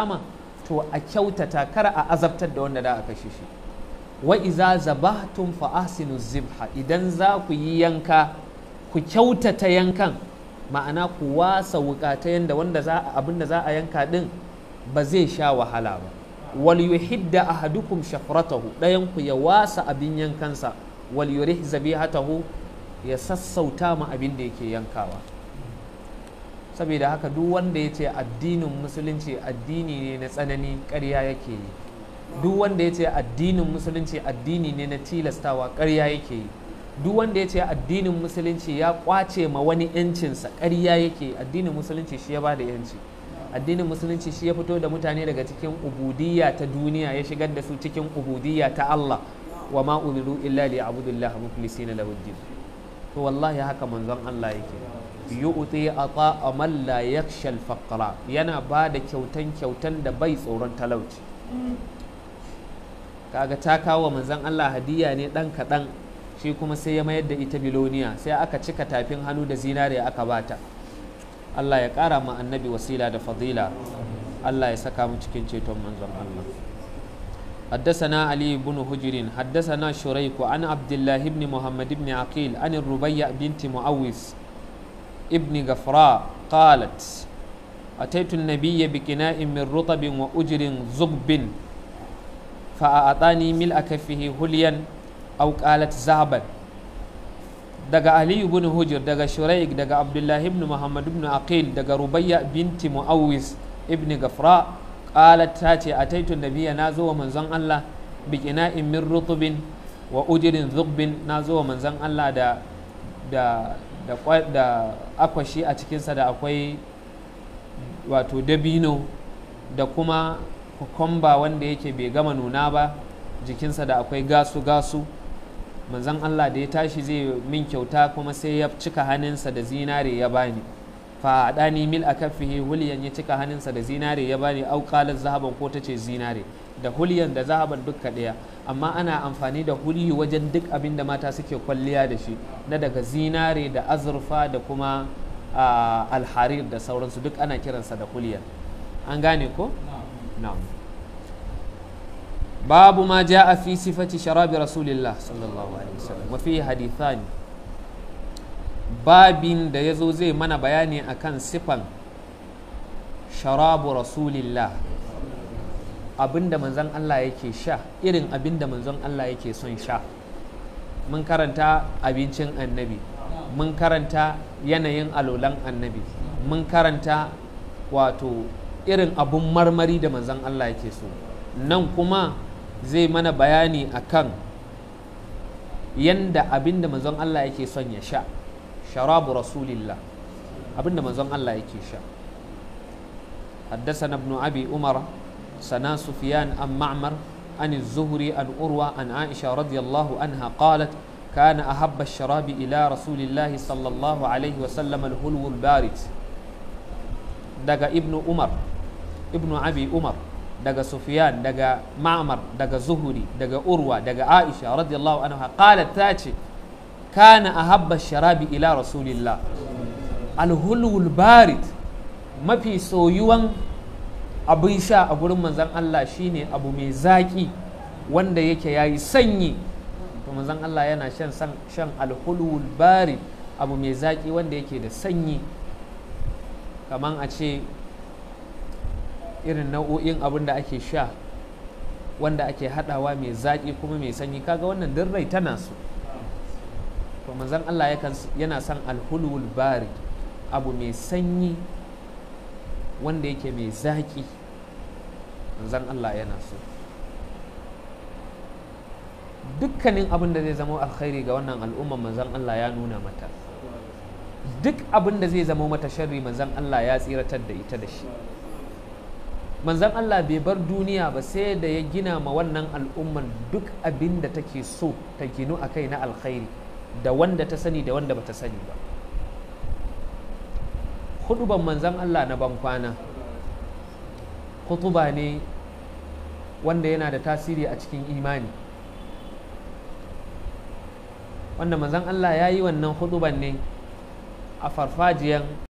kama to a kyautata kar a azabtar da wanda da a kashe shi wa iza zabahtum fa ahsinu zibha idan za ku yi yanka ku kyautata yankan ma'ana ku wasa wukata yanda wanda za abin da za a yanka din ba zai sha wahala ba wal yuhidda ahadukum shafratahu dayan ku ya wasa abin yankansa wal yurih zabihatahu ya sassauta ma abin da yake yankawa saboda haka duk wanda ya ce addinin musulunci addini ne na tsanani karya yake yi duk wanda ya ce addinin musulunci addini ne na tilastawa karya yake yi duk wanda ya ce addinin musulunci ya kwace ma wani yancinsa karya yake addinin musulunci shi ya ba da yanci addinin musulunci shi ya fito da mutane daga cikin ubudiyya ta duniya ya shigar da su cikin ubudiyya ta Allah wa ma umiru illa li abudullah mukhlisina lahu to wallahi haka manzon Allah yake yu'ti ata'a man la ya al yana ba da kyautan kyautan da bai tsoron talauci kaga ta kawo manzon Allah hadiya ne dan kaɗan shi kuma sai ya mayar da ita biloniya sai aka cika tafin hannu da zinari aka bata Allah ya ƙara ma annabi wasila da fadila Allah ya saka mu cikin ceton manzon Allah حدثنا علي بن هجر حدثنا شريك عن عبد الله بن محمد بن عقيل عن الربيع بنت معوذ ابن غفراء قالت أتيت النبي بكناء من رطب وأجر زغب فأعطاني ملء كفه هليا أو قالت ذهبا daga Aliyu bin Hujr daga Shuraik daga Abdullahi ibn akil daga Rubayya binti Muawwis ibni Gafra qalat ta ce a nabiyya na zo wa manzon Allah bikina in min rutubin wa ujirin zubin na zo manzon Allah da da akwashi a cikinsa da akwai wato dabino da kuma kukumba wanda yake bai gama nuna ba jikinsa da akwai gasu-gasu manzan Allah da ya tashi zai min kyauta kuma sai ya cika hannunsa da zinare ya bani fa ni mil a kafihi wuliyan ya cika hannunsa da zinare ya bani auƙalar zahaban ko ta ce zinare da hulyan da zahaban dukka ɗaya amma ana amfani da hulyi wajen duk abin da mata suke kwalliya da shi na daga zinare da azurfa da kuma alharir da sauransu duk ana kiransa da huliyan. an gane ko na'am babu ma a fi sifati sharabi rasulillah sallallahu alaihi wasallam wa hadithani babin da yazo zai mana bayani akan sifan sharabu rasulillah abin da manzon Allah yake sha irin abin da manzon Allah yake son sha mun karanta abincin annabi mun karanta yanayin alolan annabi mun karanta wato irin abun marmari da manzon Allah yake so nan kuma zai mana bayani akan yanda abin da manzon Allah yake son ya sha sharabu rasulillah abin da manzon Allah yake sha حدثنا ابن abi umar. سنا سفيان عن معمر عن الزهري عن أروى عن عائشة رضي الله عنها قالت كان أحب الشراب إلى رسول الله صلى الله عليه وسلم الهلو البارد دقا ابن عمر ابن أبي عمر دقا سفيان دقا معمر دقا زهري دقا أروى دقا عائشة رضي الله عنها قالت تاتي كان أحب الشراب إلى رسول الله الهلو البارد ما في سويوان abin sha a gurin manzan Allah shine abu mai zaƙi wanda yake yayi sanyi to manzan Allah yana shan shan alhulul bari abu mai zaƙi wanda yake da sanyi kamar a ce irin nau'o'in abin da ake sha wanda ake haɗawa mai zaƙi kuma mai sanyi kaga wannan din rai tana su to manzan Allah yana son alhulul bari abu mai sanyi wanda yake mai zaƙi zan Allah yana so dukkanin abin da zai zama alkhairi ga wannan al'umma manzan Allah ya nuna mata duk abin da zai zama mata sharri manzan Allah ya tsiratar da ita da shi manzan Allah bai bar duniya ba sai da ya gina ma wannan al'umman duk abin da take so ta ginu a kai na alkhairi da wanda ta sani da wanda bata sani ba huduban manzan Allah na bankwana hutuba ne wanda yana da tasiri a cikin imani wanda manzan Allah ya yi wannan huduban ne a farfajiyan